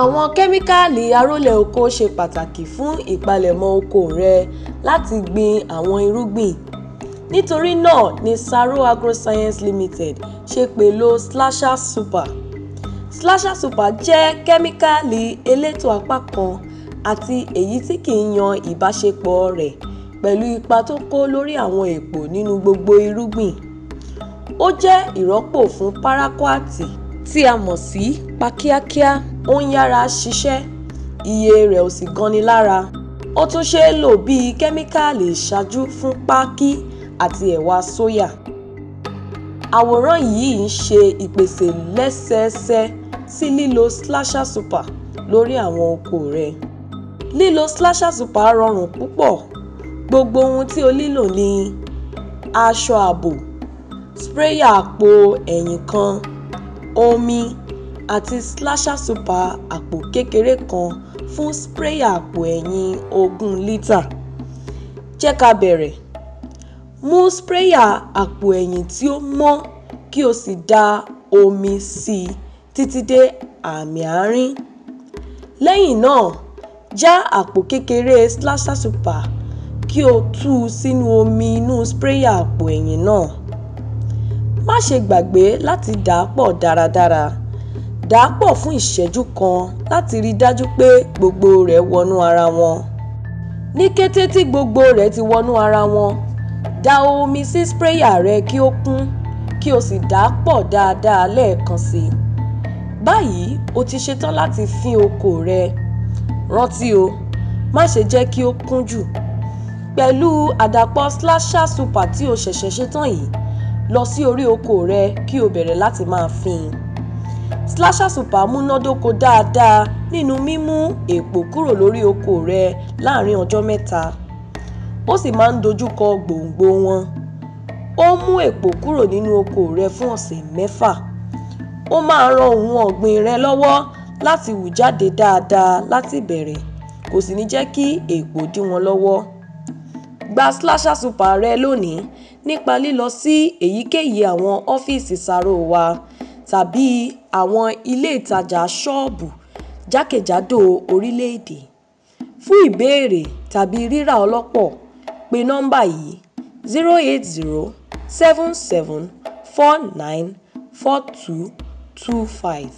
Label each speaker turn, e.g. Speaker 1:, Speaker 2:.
Speaker 1: Àwọn kẹ́míkáàlì arólẹ̀ oko ṣe pàtàkì fún ìpalẹ̀mọ́ oko rẹ láti gbin àwọn irúgbìn. Nítorí náà ni Saro agroscience Limited ṣe pèlò Slasher Super. Slasher Super jẹ́ kẹ́míkáàlì elétò apákan àti èyí tí kìí yan ìbáṣepọ̀ rẹ̀ pẹ̀lú ipa tó kó lórí àwọn èpò nínú gbogbo irúgbìn. Ó jẹ́ ìrọ́pò fún paraquat tí a mọ̀ sí pákíákíá ó ń yára ṣiṣẹ́ iye rẹ̀ ò sì gani lára ó tún ṣeé lò bíi kẹ́míkáàlì ìṣáájú fún pákí àti ẹ̀wà sóyà àwòrán yìí ń ṣe ìpèsè lẹ́sẹẹsẹ sí lílo slasher super lórí àwọn oko rẹ lílo slasher super rọrùn púpọ̀ gbogbo ohun tí o nílò ni aṣọ ààbò sprayer àpò ẹ̀yìn kan omi àti slasher super àpò kékeré kan fún sprayer àpò ẹ̀yìn ogún lítà. Jẹ́ ká bẹ̀rẹ̀. Mú sprayer àpò ẹ̀yìn tí ó mọ́ kí o sì da omi sí i títí dé àmì àárín. Lẹ́yìn náà, já àpò kékeré slasher super kí o tú u sínú omi inú sprayer àpò ẹ̀yìn náà má ṣe gbàgbé láti dà á pọ̀ dáradára dà á pọ̀ fún ìṣẹ́jú kan láti rí i dájú pé gbogbo rẹ̀ wọnú ara wọn ní kété tí gbogbo rẹ̀ ti wọnú ara wọn da omi sí sprayer rẹ kí ó kún kí o sì dà á dáadáa lẹ́ẹ̀kan sí i báyìí o ti ṣetán láti fín oko rẹ rántí o má ṣe jẹ́ kí ó kún jù pẹ̀lú àdàpọ̀ slasher super tí o ṣẹ̀ṣẹ̀ ṣetán yìí lọ sí orí oko rẹ kí o bẹ̀rẹ̀ láti máa fín Slasher Super múnádóko dáadáa nínú mímú èpò kúrò lórí oko rẹ láàárín ọjọ́ mẹ́ta ó sì máa ń dojúkọ gbòǹgbò wọn ó mú èpò kúrò nínú oko rẹ fún ọ̀sẹ̀ mẹ́fà ó máa ran ohun ọ̀gbìn rẹ lọ́wọ́ láti hù jáde dáadáa láti bẹ̀rẹ̀ kò sì ní jẹ́ kí èpò dí wọn lọ́wọ́ gba slasher super rẹ lónìí nípa lílọ sí èyíkéyìí àwọn ọ́fíìsì ṣàró wa tàbí àwọn ilé ìtajà ṣọ́ọ̀bù jákèjádò orílẹ̀-èdè. Fún ìbéèrè tàbí rírà ọlọ́pọ̀, pe nọ́mbà yìí: zero eight zero seven seven four nine four two two five.